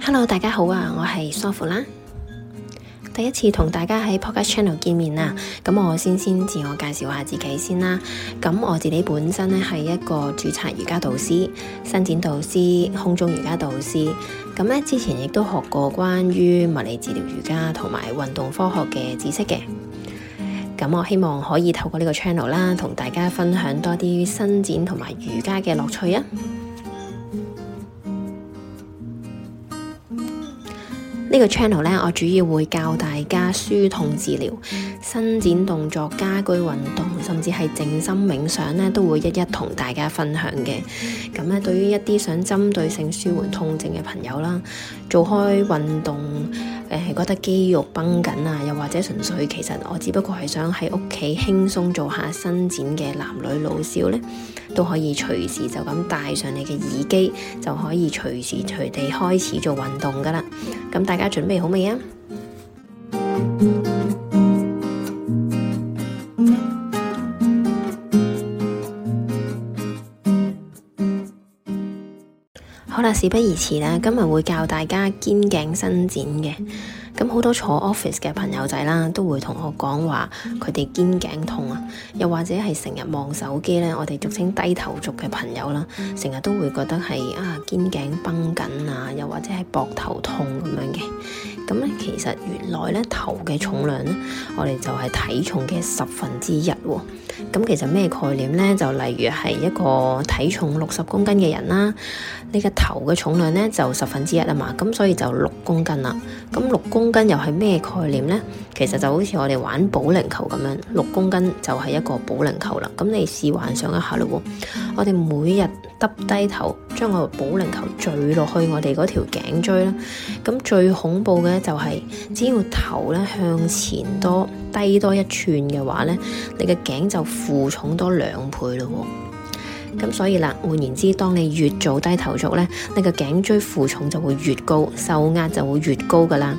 Hello，大家好啊，我係 Sofula 啦。第一次同大家喺 Podcast Channel 見面啊，咁我先先自我介紹下自己先啦。咁我自己本身呢，係一個註冊瑜伽導師、伸展導師、空中瑜伽導師，咁呢之前亦都學過關於物理治療、瑜伽同埋運動科學嘅知識嘅。咁我希望可以透過呢個 channel 啦，同大家分享多啲伸展同埋瑜伽嘅樂趣啊！個道呢個 channel 咧，我主要會教大家舒痛治療、伸展動作、家居運動，甚至係靜心冥想咧，都會一一同大家分享嘅。咁咧，對於一啲想針對性舒緩痛症嘅朋友啦，做開運動誒、呃，覺得肌肉繃緊啊，又或者純粹其實我只不過係想喺屋企輕鬆做下伸展嘅男女老少咧，都可以隨時就咁戴上你嘅耳機，就可以隨時隨地開始做運動㗎喇。咁大。大家準備好未啊？好啦，事不宜遲啦，今日會教大家肩頸伸展嘅。咁好多坐 office 嘅朋友仔啦，都會同我講話佢哋肩頸痛啊，又或者係成日望手機咧，我哋俗稱低頭族嘅朋友啦，成日都會覺得係啊肩頸繃緊啊。即係膊頭痛咁樣嘅，咁咧其實原來咧頭嘅重量咧，我哋就係體重嘅十分之一喎。咁其實咩概念咧？就例如係一個。體重六十公斤嘅人啦，你嘅頭嘅重量呢就十分之一啊嘛，咁所以就六公斤啦。咁六公斤又係咩概念呢？其實就好似我哋玩保齡球咁樣，六公斤就係一個保齡球啦。咁你試幻想一下咯，我哋每日耷低頭，將個保齡球墜落去我哋嗰條頸椎啦。咁最恐怖嘅就係，只要頭呢向前多低多一寸嘅話呢，你嘅頸就負重多兩倍咯。咁所以啦，換言之，當你越做低頭族呢，你個頸椎負重就會越高，受壓就會越高噶啦。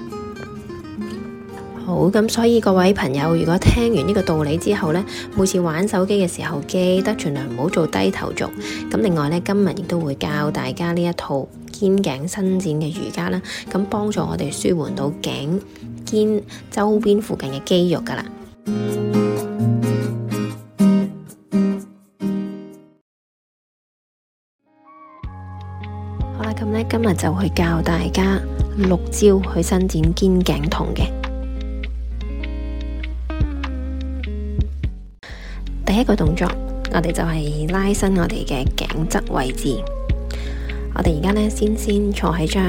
好，咁所以各位朋友，如果聽完呢個道理之後呢，每次玩手機嘅時候，記得盡量唔好做低頭族。咁另外呢，今日亦都會教大家呢一套肩頸伸展嘅瑜伽啦，咁幫助我哋舒緩到頸肩周邊附近嘅肌肉噶啦。今日就去教大家六招去伸展肩頸痛嘅。第一個動作，我哋就係拉伸我哋嘅頸側位置。我哋而家呢，先先坐喺張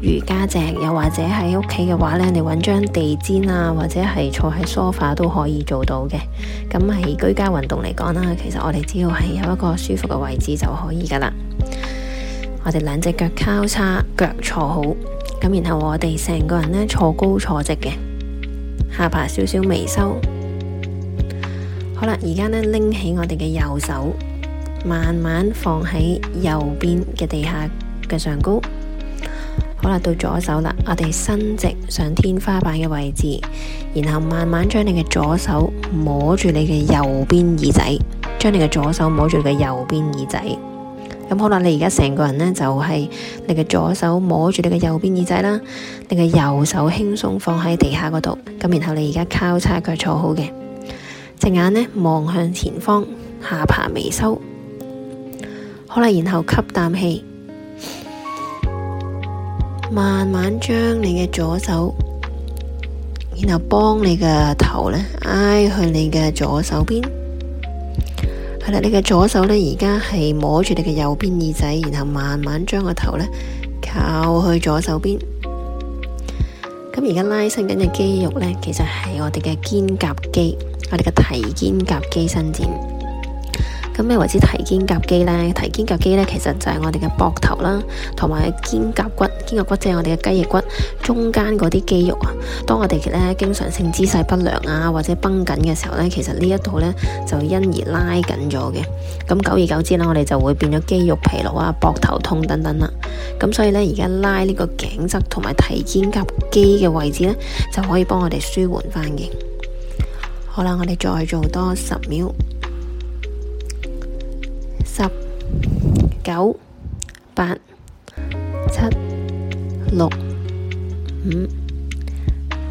瑜伽席，又或者喺屋企嘅話呢，你搵張地氈啊，或者係坐喺梳化都可以做到嘅。咁喺居家運動嚟講啦，其實我哋只要係有一個舒服嘅位置就可以㗎喇。我哋兩隻腳交叉，腳坐好，咁然後我哋成個人呢坐高坐直嘅，下巴少少微收，好啦，而家呢拎起我哋嘅右手，慢慢放喺右邊嘅地下嘅上高，好啦，到左手啦，我哋伸直上天花板嘅位置，然後慢慢將你嘅左手摸住你嘅右邊耳仔，將你嘅左手摸住你嘅右邊耳仔。咁好啦，你而家成個人呢，就係、是、你嘅左手摸住你嘅右邊耳仔啦，你嘅右手輕鬆放喺地下嗰度，咁然後你而家交叉腳坐好嘅，隻眼呢望向前方，下巴微收，好啦，然後吸啖氣，慢慢將你嘅左手，然後幫你嘅頭呢，挨去你嘅左手邊。係啦，你嘅左手呢，而家係摸住你嘅右邊耳仔，然後慢慢將個頭呢靠去左手邊。咁而家拉伸緊嘅肌肉呢，其實係我哋嘅肩胛肌，我哋嘅提肩胛肌伸展。咁咩為之提肩胛肌呢？提肩胛肌呢，其實就係我哋嘅膊頭啦，同埋肩胛骨，肩胛骨即係我哋嘅雞翼骨中間嗰啲肌肉啊。當我哋咧經常性姿勢不良啊，或者繃緊嘅時候呢，其實呢一度呢，就因而拉緊咗嘅。咁久而久之呢，我哋就會變咗肌肉疲勞啊、膊頭痛等等啦。咁所以呢，而家拉呢個頸側同埋提肩胛肌嘅位置呢，就可以幫我哋舒緩翻嘅。好啦，我哋再做多十秒。九、八、七、六、五、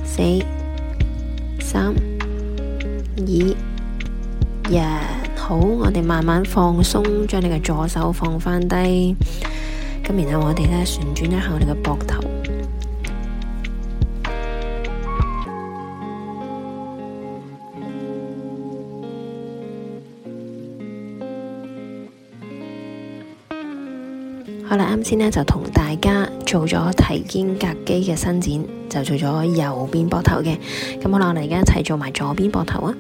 四、三、二、一。好，我哋慢慢放鬆，將你嘅左手放翻低，咁然後我哋咧旋轉一下我哋嘅膊頭。好啦，啱先咧就同大家做咗提肩胛肌嘅伸展，就做咗右邊膊頭嘅。咁、嗯、好啦，我哋而家一齊做埋左邊膊頭啊！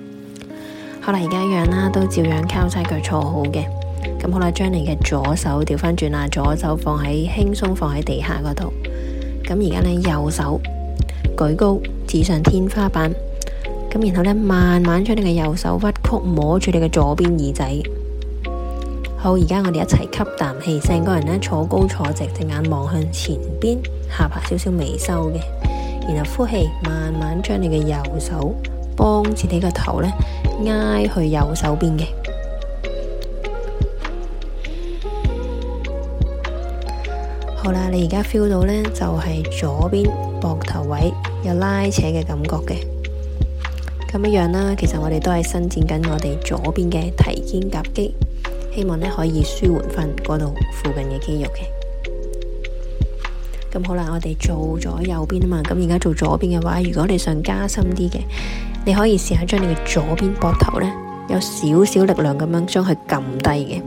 好啦，而家一樣啦，都照樣交叉腳坐好嘅。咁、嗯、好啦，將你嘅左手調翻轉啦，左手放喺輕鬆放喺地下嗰度。咁而家咧右手舉高指上天花板。咁、嗯、然後咧慢慢將你嘅右手屈曲摸住你嘅左邊耳仔。好，而家我哋一齊吸啖氣，成個人咧坐高坐直，隻眼望向前邊，下巴少少微收嘅，然後呼氣，慢慢將你嘅右手幫自己個頭呢，挨去右手邊嘅。好啦，你而家 feel 到呢，就係、是、左邊膊頭位有拉扯嘅感覺嘅，噉樣啦。其實我哋都係伸展緊我哋左邊嘅提肩夾肌。希望咧可以舒緩返嗰度附近嘅肌肉嘅。咁好啦，我哋做咗右邊啊嘛，咁而家做左邊嘅話，如果你想加深啲嘅，你可以試下將你嘅左邊膊頭咧，有少少力量咁樣將佢撳低嘅。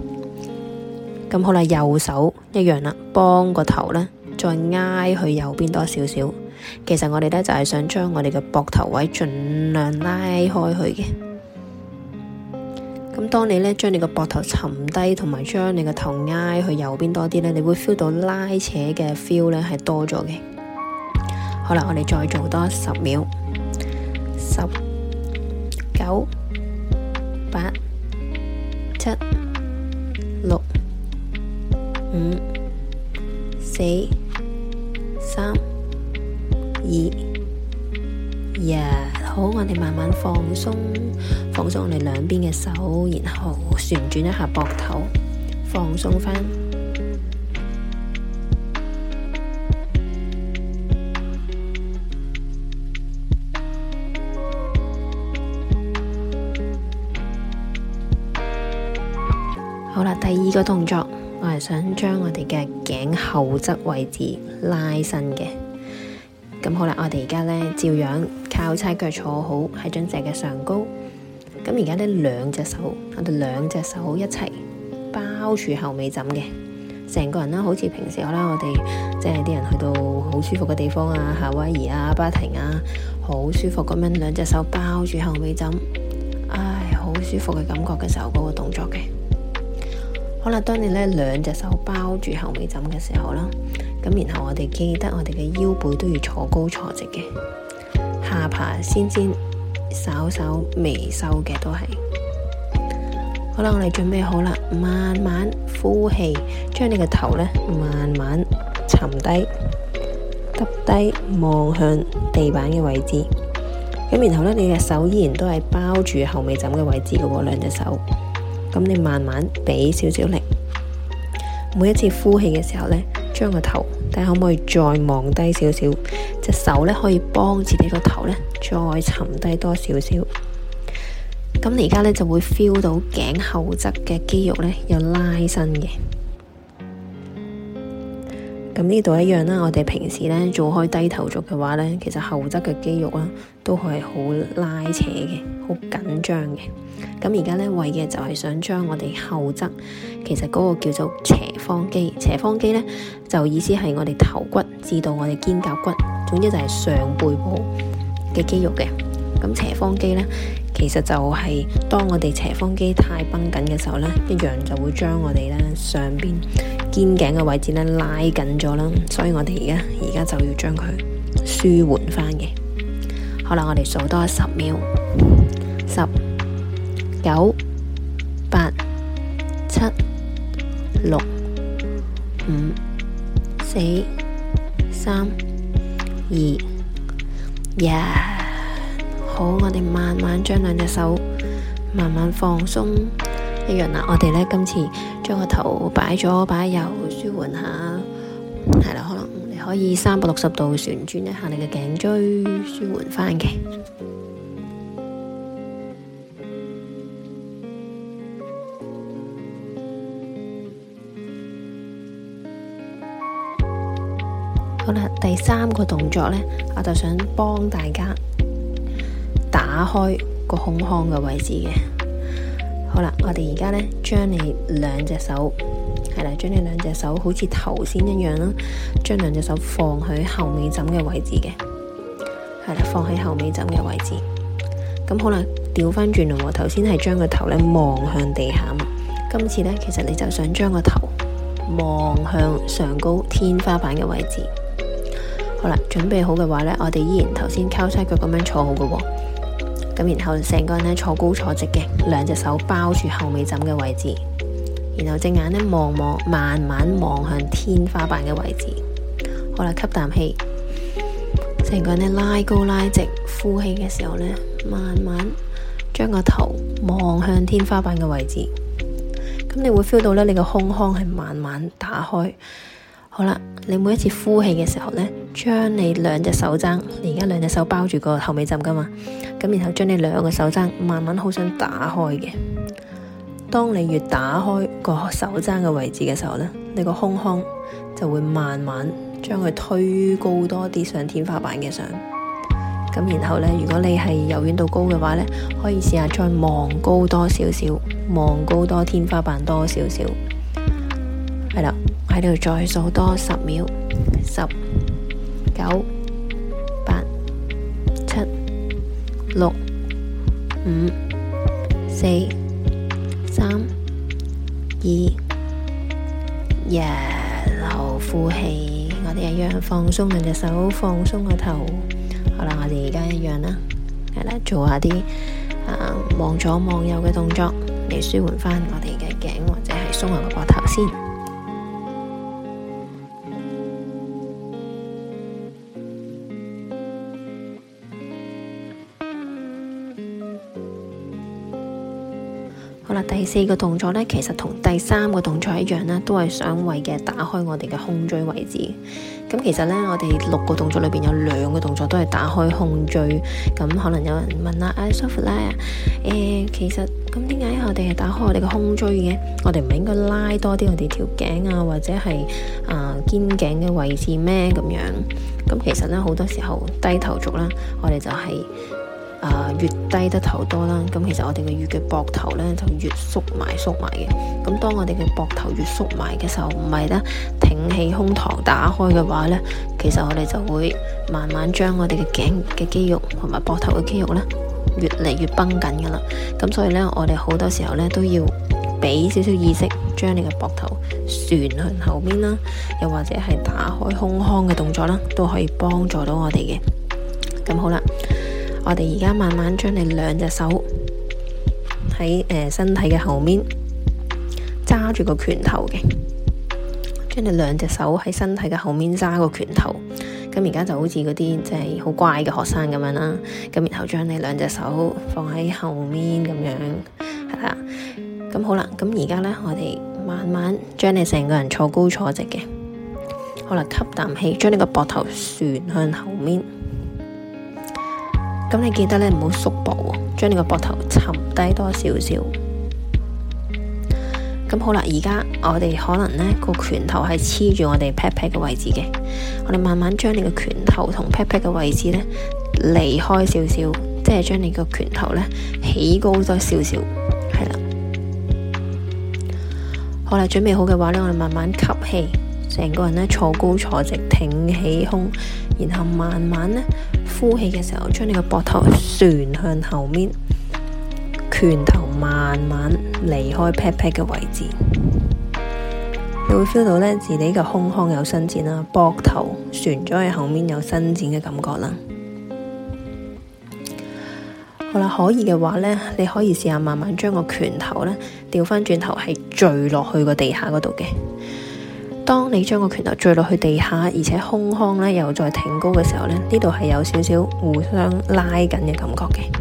咁好啦，右手一樣啦，幫個頭咧再挨去右邊多少少。其實我哋咧就係想將我哋嘅膊頭位盡量拉開去嘅。咁，當你咧將你個膊頭沉低，同埋將你個頭挨去右邊多啲咧，你會 feel 到拉扯嘅 feel 咧係多咗嘅。好啦，我哋再做多十秒，十、九、八、七、六、五、四、三、二。好，我哋慢慢放鬆，放鬆我哋兩邊嘅手，然後旋轉一下膊頭，放鬆返。好啦，第二個動作，我係想將我哋嘅頸後側位置拉伸嘅。咁好啦，我哋而家呢，照樣靠差腳坐好喺張席嘅上高。咁而家呢，兩隻手，我哋兩隻手一齊包住後尾枕嘅，成個人啦，好似平時我啦，我哋即係啲人去到好舒服嘅地方啊，夏威夷啊、巴停啊，好舒服咁樣兩隻手包住後尾枕，唉，好舒服嘅感覺嘅時候嗰個動作嘅。好啦，當你呢兩隻手包住後尾枕嘅時候啦。咁然後我哋記得我哋嘅腰背都要坐高坐直嘅，下巴先先稍稍微收嘅都係。好啦，我哋準備好啦，慢慢呼氣，將你嘅頭咧慢慢沉低，耷低望向地板嘅位置。咁然後咧，你嘅手依然都係包住後尾枕嘅位置嘅喎，兩隻手。咁你慢慢俾少少力，每一次呼氣嘅時候咧，將個頭。睇可唔可以再望低少少，隻手咧可以幫自己個頭咧再沉低多少少，咁你而家咧就會 feel 到頸後側嘅肌肉咧有拉伸嘅。咁呢度一樣啦，我哋平時咧做開低頭族嘅話咧，其實後側嘅肌肉啦，都係好拉扯嘅，好緊張嘅。咁而家咧，為嘅就係想將我哋後側，其實嗰個叫做斜方肌。斜方肌咧，就意思係我哋頭骨至到我哋肩胛骨，總之就係上背部嘅肌肉嘅。咁斜方肌咧，其實就係當我哋斜方肌太繃緊嘅時候咧，一樣就會將我哋咧上邊肩頸嘅位置咧拉緊咗啦，所以我哋而家而家就要將佢舒緩翻嘅。好啦，我哋數多十秒，十、九、八、七、六、五、四、三、二、一、yeah!。好，我哋慢慢將兩隻手慢慢放鬆。一樣啦，我哋咧今次。將個頭擺左擺右，舒緩下，嗯，係啦，可能你可以三百六十度旋轉一下你嘅頸椎，舒緩翻嘅。好啦，第三個動作咧，我就想幫大家打開個胸腔嘅位置嘅。好啦，我哋而家咧將你兩隻手係啦，將你兩隻手，兩隻手好似頭先一樣啦，將兩隻手放喺後尾枕嘅位置嘅，係啦，放喺後尾枕嘅位置。咁、嗯、好啦，調翻轉啦，我頭先係將個頭咧望向地下，今次咧其實你就想將個頭望向上高天花板嘅位置。好啦，準備好嘅話咧，我哋依然頭先交叉腳咁樣坐好嘅喎、哦。咁然後成個人咧坐高坐直嘅，兩隻手包住後尾枕嘅位置，然後隻眼咧望望，慢慢望向天花板嘅位置，好啦，吸啖氣，成個人咧拉高拉直，呼氣嘅時候咧，慢慢將個頭望向天花板嘅位置，咁你會 feel 到咧你個胸腔係慢慢打開。好啦，你每一次呼氣嘅時候呢，將你兩隻手踭，你而家兩隻手包住個後尾枕㗎嘛，咁然後將你兩個手踭慢慢好想打開嘅，當你越打開個手踭嘅位置嘅時候呢，你個胸腔就會慢慢將佢推高多啲上天花板嘅上，咁然後呢，如果你係柔軟度高嘅話呢，可以試下再望高多少少，望高多天花板多少少，係啦。喺度再數多十秒，十、九、八、七、六、五、四、三、二，一，然後呼氣，我哋一樣放鬆個隻手，放鬆個頭。好啦，我哋而家一樣啦，係做下啲啊、呃、望左望右嘅動作嚟舒緩翻我哋嘅頸或者係鬆下個膊頭先。第四個動作咧，其實同第三個動作一樣呢都係想位嘅，打開我哋嘅胸椎位置。咁其實呢，我哋六個動作裏邊有兩個動作都係打開胸椎。咁可能有人問啦，阿 Sofula，誒，其實咁點解我哋係打開我哋嘅胸椎嘅？我哋唔係應該拉多啲我哋條頸啊，或者係、呃、肩頸嘅位置咩？咁樣咁其實呢，好多時候低頭族啦，我哋就係、是。啊、呃，越低得頭多啦，咁其實我哋嘅魚嘅膊頭呢就越縮埋縮埋嘅。咁當我哋嘅膊頭越縮埋嘅時候，唔係得挺起胸膛打開嘅話呢，其實我哋就會慢慢將我哋嘅頸嘅肌肉同埋膊頭嘅肌肉呢越嚟越繃緊㗎啦。咁所以呢，我哋好多時候呢都要俾少少意識，將你嘅膊頭旋向後面啦，又或者係打開胸腔嘅動作啦，都可以幫助到我哋嘅。咁、嗯、好啦。我哋而家慢慢將你兩隻手喺誒身體嘅後面揸住個拳頭嘅，將你兩隻手喺身體嘅後面揸個拳頭，咁而家就好似嗰啲即係好乖嘅學生咁樣啦。咁然後將你兩隻手放喺後面咁樣，係啦。咁好啦，咁而家咧我哋慢慢將你成個人坐高坐直嘅，好啦，吸啖氣，將你個膊頭旋向後面。咁你記得咧，唔好縮膊，將你個膊頭沉低多少少。咁好啦，而家我哋可能呢個拳頭係黐住我哋 pat pat 嘅位置嘅，我哋慢慢將你個拳頭同 pat pat 嘅位置呢離開少少，即係將你個拳頭呢起高多少少，係啦。好啦，準備好嘅話呢，我哋慢慢吸氣，成個人呢坐高坐直，挺起胸。然後慢慢呢，呼氣嘅時候，將你個膊頭旋向後面，拳頭慢慢離開 pat pat 嘅位置，你會 feel 到呢，自己個胸腔有伸展啦，膊頭旋咗去後面有伸展嘅感覺啦。好啦，可以嘅話呢，你可以試下慢慢將個拳頭呢掉翻轉頭係墜落去個地下嗰度嘅。當你將個拳頭墜落去地下，而且胸腔咧又再挺高嘅時候咧，呢度係有少少互相拉緊嘅感覺嘅。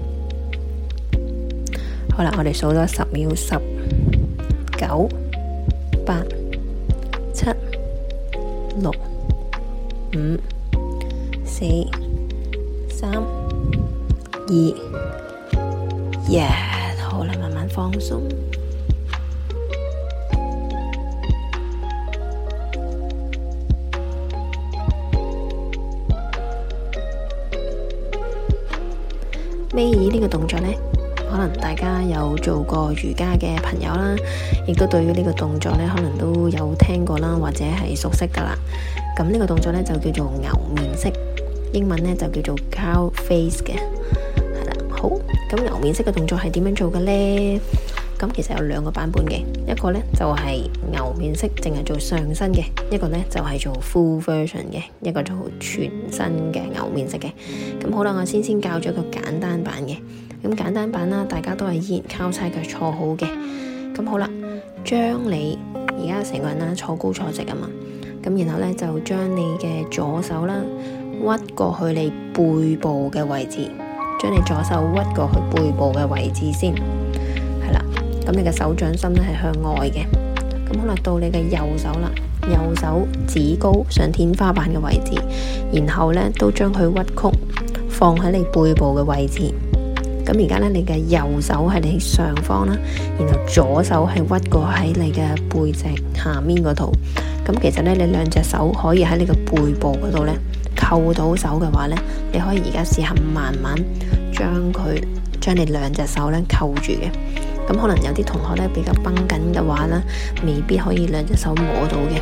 好啦，我哋數咗十秒，十、九、八、七、六、五、四、三、二，耶！好啦，慢慢放鬆。尾二呢個動作呢，可能大家有做過瑜伽嘅朋友啦，亦都對於呢個動作呢，可能都有聽過啦，或者係熟悉噶啦。咁呢個動作呢，就叫做牛面式，英文呢就叫做 Cow Face 嘅。係啦，好，咁牛面式嘅動作係點樣做嘅呢？咁其實有兩個版本嘅，一個呢就係牛面式，淨係做上身嘅；一個呢就係做 full version 嘅，一個做全身嘅牛面式嘅。咁好啦，我先先教咗個簡單版嘅。咁簡單版啦，大家都係依然交叉腳坐好嘅。咁好啦，將你而家成個人啦坐高坐直啊嘛。咁然後呢，就將你嘅左手啦屈過去你背部嘅位置，將你左手屈過去背部嘅位置先。咁你嘅手掌心咧係向外嘅，咁好啦，到你嘅右手啦，右手指高上天花板嘅位置，然後咧都將佢屈曲放喺你背部嘅位置。咁而家咧，你嘅右手係你上方啦，然後左手係屈過喺你嘅背脊下面嗰度。咁其實咧，你兩隻手可以喺你嘅背部嗰度咧扣到手嘅話咧，你可以而家試下慢慢將佢將你兩隻手咧扣住嘅。咁可能有啲同學咧比較繃緊嘅話咧，未必可以兩隻手摸到嘅。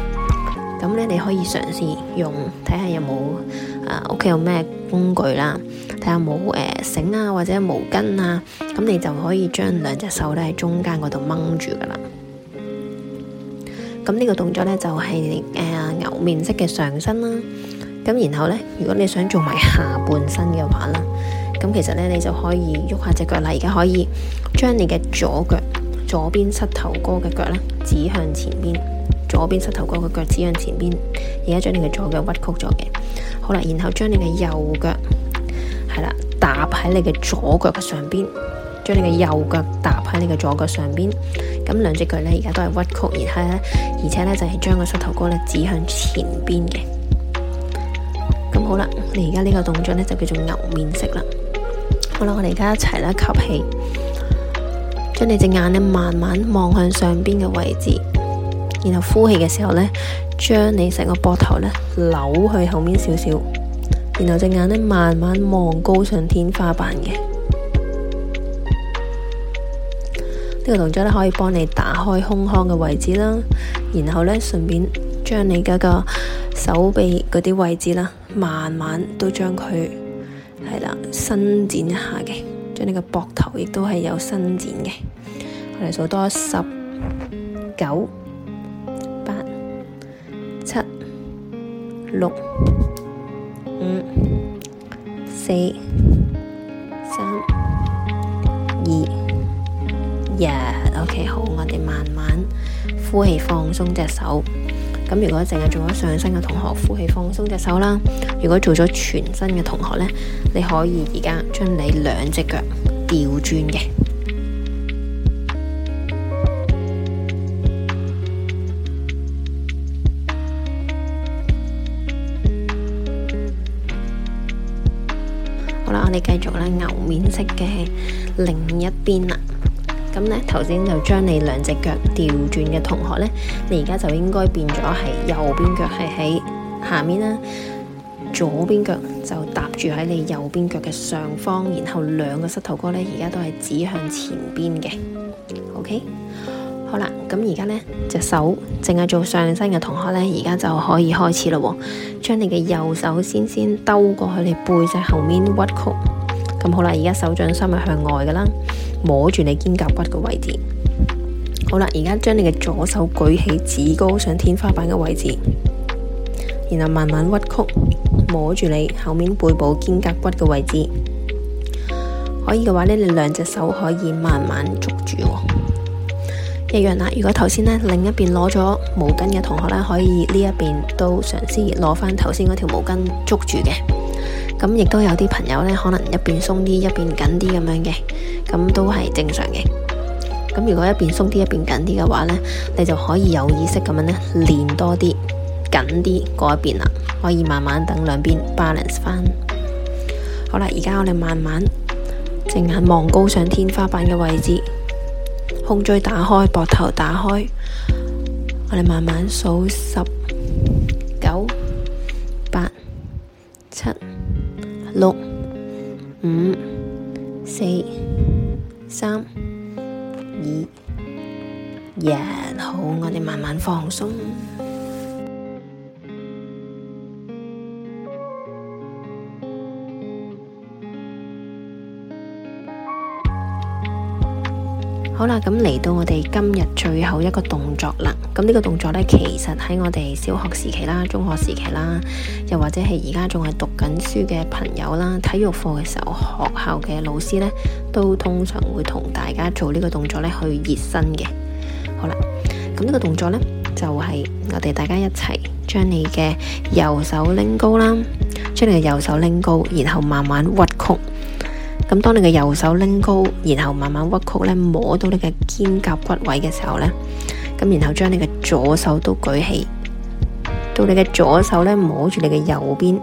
咁咧你可以嘗試用睇下有冇啊屋企有咩，呃、工具啦，睇下有冇誒繩啊或者毛巾啊，咁你就可以將兩隻手都喺中間嗰度掹住噶啦。咁呢個動作咧就係、是、誒、呃、牛面式嘅上身啦。咁然後咧，如果你想做埋下半身嘅話咧。咁其實咧，你就可以喐下隻腳啦。而家可以將你嘅左腳左邊膝頭哥嘅腳咧，指向前邊；左邊膝頭哥嘅腳指向前邊。而家將你嘅左腳屈曲咗嘅，好啦，然後將你嘅右腳係啦，搭喺你嘅左腳嘅上邊。將你嘅右腳搭喺你嘅左腳上邊。咁兩隻腳咧，而家都係屈曲，然後咧，而且咧就係將個膝頭哥咧指向前邊嘅。咁好啦，你而家呢個動作咧就叫做牛面式啦。好啦，我哋而家一齊吸氣，將你隻眼咧慢慢望向上邊嘅位置，然後呼氣嘅時候咧，將你成個膊頭扭去後面少少，然後隻眼咧慢慢望高上天花板嘅。呢個動作可以幫你打開胸腔嘅位置啦，然後咧順便將你嗰個手臂嗰啲位置啦，慢慢都將佢。伸展一下嘅，將你個膊頭亦都係有伸展嘅，我哋數多十九八七六五四三二一，OK，好，我哋慢慢呼氣放鬆隻手。咁如果淨係做咗上身嘅同學，呼氣放鬆隻手啦。如果做咗全身嘅同學咧，你可以而家將你兩隻腳調轉嘅。 好啦，我哋繼續啦，牛面式嘅另一邊啦。咁咧，頭先、嗯、就將你兩隻腳調轉嘅同學咧，你而家就應該變咗係右邊腳係喺下面啦，左邊腳就搭住喺你右邊腳嘅上方，然後兩個膝頭哥咧而家都係指向前邊嘅。OK，好啦，咁而家咧，隻手淨係做上身嘅同學咧，而家就可以開始啦。將你嘅右手先先兜過去你背脊後面屈曲。咁好啦，而家手掌心係向外噶啦，摸住你肩胛骨嘅位置。好啦，而家將你嘅左手舉起，指高上天花板嘅位置，然後慢慢屈曲，摸住你後面背部肩胛骨嘅位置。可以嘅話呢，你兩隻手可以慢慢捉住。一樣啦，如果頭先呢，另一邊攞咗毛巾嘅同學呢，可以呢一邊都嘗試攞翻頭先嗰條毛巾捉住嘅。咁亦都有啲朋友呢，可能一邊鬆啲，一邊緊啲咁樣嘅，咁都係正常嘅。咁如果一邊鬆啲，一邊緊啲嘅話呢，你就可以有意識咁樣呢，練多啲緊啲嗰一邊啦，可以慢慢等兩邊 balance 翻。好啦，而家我哋慢慢正眼望高上天花板嘅位置，胸椎打開，膊頭打開，我哋慢慢數十。六、五、四、三、二、一，好，我哋慢慢放鬆。好啦，咁嚟到我哋今日最後一個動作啦。咁呢個動作呢，其實喺我哋小學時期啦、中學時期啦，又或者係而家仲係讀緊書嘅朋友啦，體育課嘅時候，學校嘅老師呢，都通常會同大家做呢個動作呢去熱身嘅。好啦，咁呢個動作呢，就係我哋大家一齊將你嘅右手拎高啦，將你嘅右手拎高，然後慢慢屈曲。咁當你嘅右手拎高，然後慢慢屈曲咧，摸到你嘅肩胛骨位嘅時候咧，咁然後將你嘅左手都舉起，到你嘅左手咧摸住你嘅右邊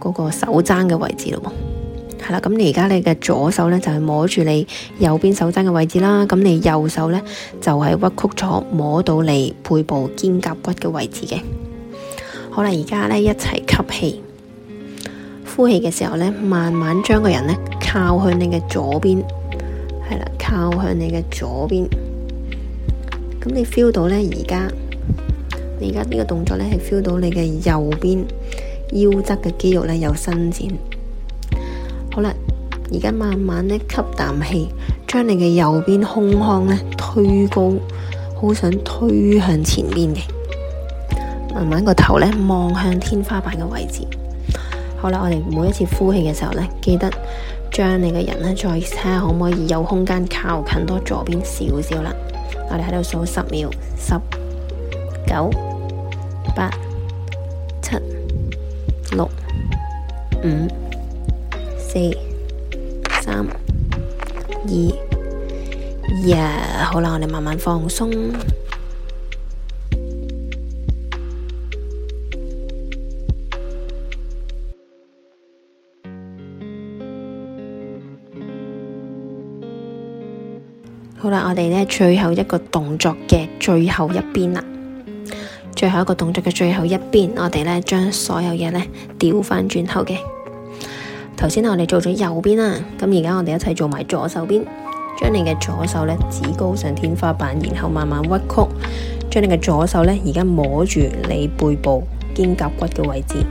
嗰個手踭嘅位置咯，係啦，咁你而家你嘅左手咧就係摸住你右邊手踭嘅位置啦，咁你右手咧就係屈曲咗摸到你背部肩胛骨嘅位置嘅，好啦，而家咧一齊吸氣。呼氣嘅時候呢，慢慢將個人呢靠向你嘅左邊，係啦，靠向你嘅左邊。咁你 feel 到呢，而家你而家呢個動作呢，係 feel 到你嘅右邊腰側嘅肌肉呢有伸展。好啦，而家慢慢呢，吸啖氣，將你嘅右邊胸腔呢推高，好想推向前邊嘅。慢慢個頭呢望向天花板嘅位置。好啦，我哋每一次呼氣嘅時候呢，記得將你個人呢再睇下可唔可以有空間靠近多左邊少少啦。我哋喺度數十秒，十、九、八、七、六、五、四、三、二，一、yeah!。好啦，我哋慢慢放鬆。好啦，我哋咧最後一個動作嘅最後一邊啦，最後一個動作嘅最後一邊，我哋咧將所有嘢咧調返轉頭嘅。頭先我哋做咗右邊啦，咁而家我哋一齊做埋左手邊，將你嘅左手咧指高上天花板，然後慢慢屈曲，將你嘅左手咧而家摸住你背部肩胛骨嘅位置。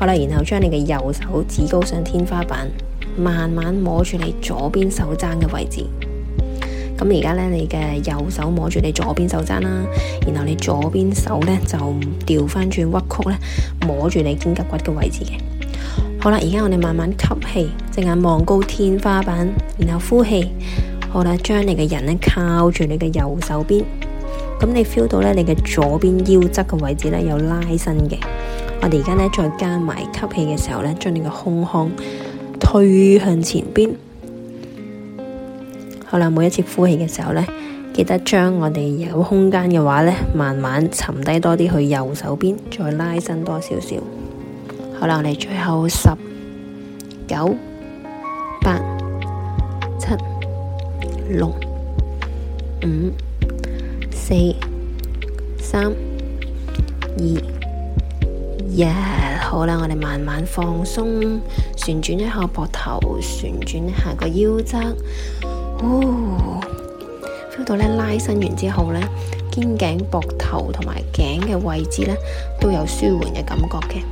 好啦，然後將你嘅右手指高上天花板，慢慢摸住你左邊手踭嘅位置。咁而家咧，你嘅右手摸住你左邊手踭啦，然後你左邊手呢就掉返轉屈曲咧，摸住你肩胛骨嘅位置嘅。好啦，而家我哋慢慢吸氣，隻眼望高天花板，然後呼氣。好啦，將你嘅人呢靠住你嘅右手邊。咁你 feel 到呢，你嘅左邊腰側嘅位置呢有拉伸嘅。我哋而家咧再加埋吸氣嘅時候呢，將你嘅胸腔推向前邊。好啦，每一次呼氣嘅時候呢，記得將我哋有空間嘅話呢，慢慢沉低多啲去右手邊，再拉伸多少少。好啦，我哋最後十九八七六五四三二一，好啦，我哋慢慢放鬆，旋轉一下膊頭，旋轉一下個腰側。哦，feel 到咧，拉伸完之後咧，肩頸、膊頭同埋頸嘅位置咧都有舒緩嘅感覺嘅。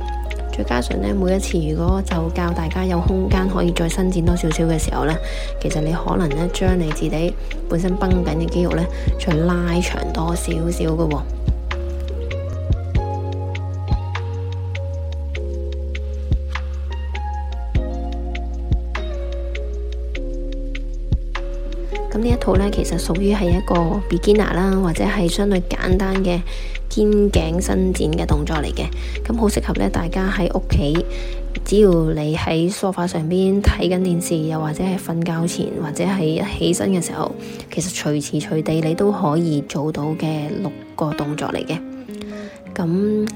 再加上咧，每一次如果就教大家有空間可以再伸展多少少嘅時候咧，其實你可能咧將你自己本身繃緊嘅肌肉咧再拉長多少少嘅喎。呢一套咧，其實屬於係一個 beginner 啦，或者係相對簡單嘅肩頸伸展嘅動作嚟嘅。咁好適合咧，大家喺屋企，只要你喺梳化上邊睇緊電視，又或者係瞓覺前，或者係一起身嘅時候，其實隨時隨地你都可以做到嘅六個動作嚟嘅。咁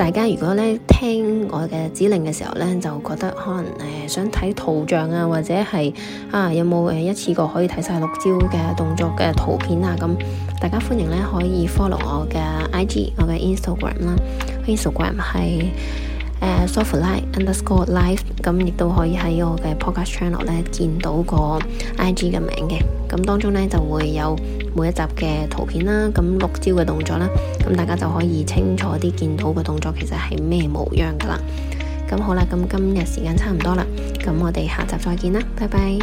大家如果咧聽我嘅指令嘅時候咧，就覺得可能誒、呃、想睇圖像啊，或者係啊有冇誒一次過可以睇晒六招嘅動作嘅圖片啊，咁，大家歡迎咧可以 follow 我嘅 IG 我嘅 Inst Instagram 啦，Instagram 係。誒、uh, sofula underscore life，咁亦都可以喺我嘅 podcast channel 咧見到個 IG 嘅名嘅，咁當中咧就會有每一集嘅圖片啦，咁六招嘅動作啦，咁大家就可以清楚啲見到個動作其實係咩模樣噶啦。咁好啦，咁今日時間差唔多啦，咁我哋下集再見啦，拜拜。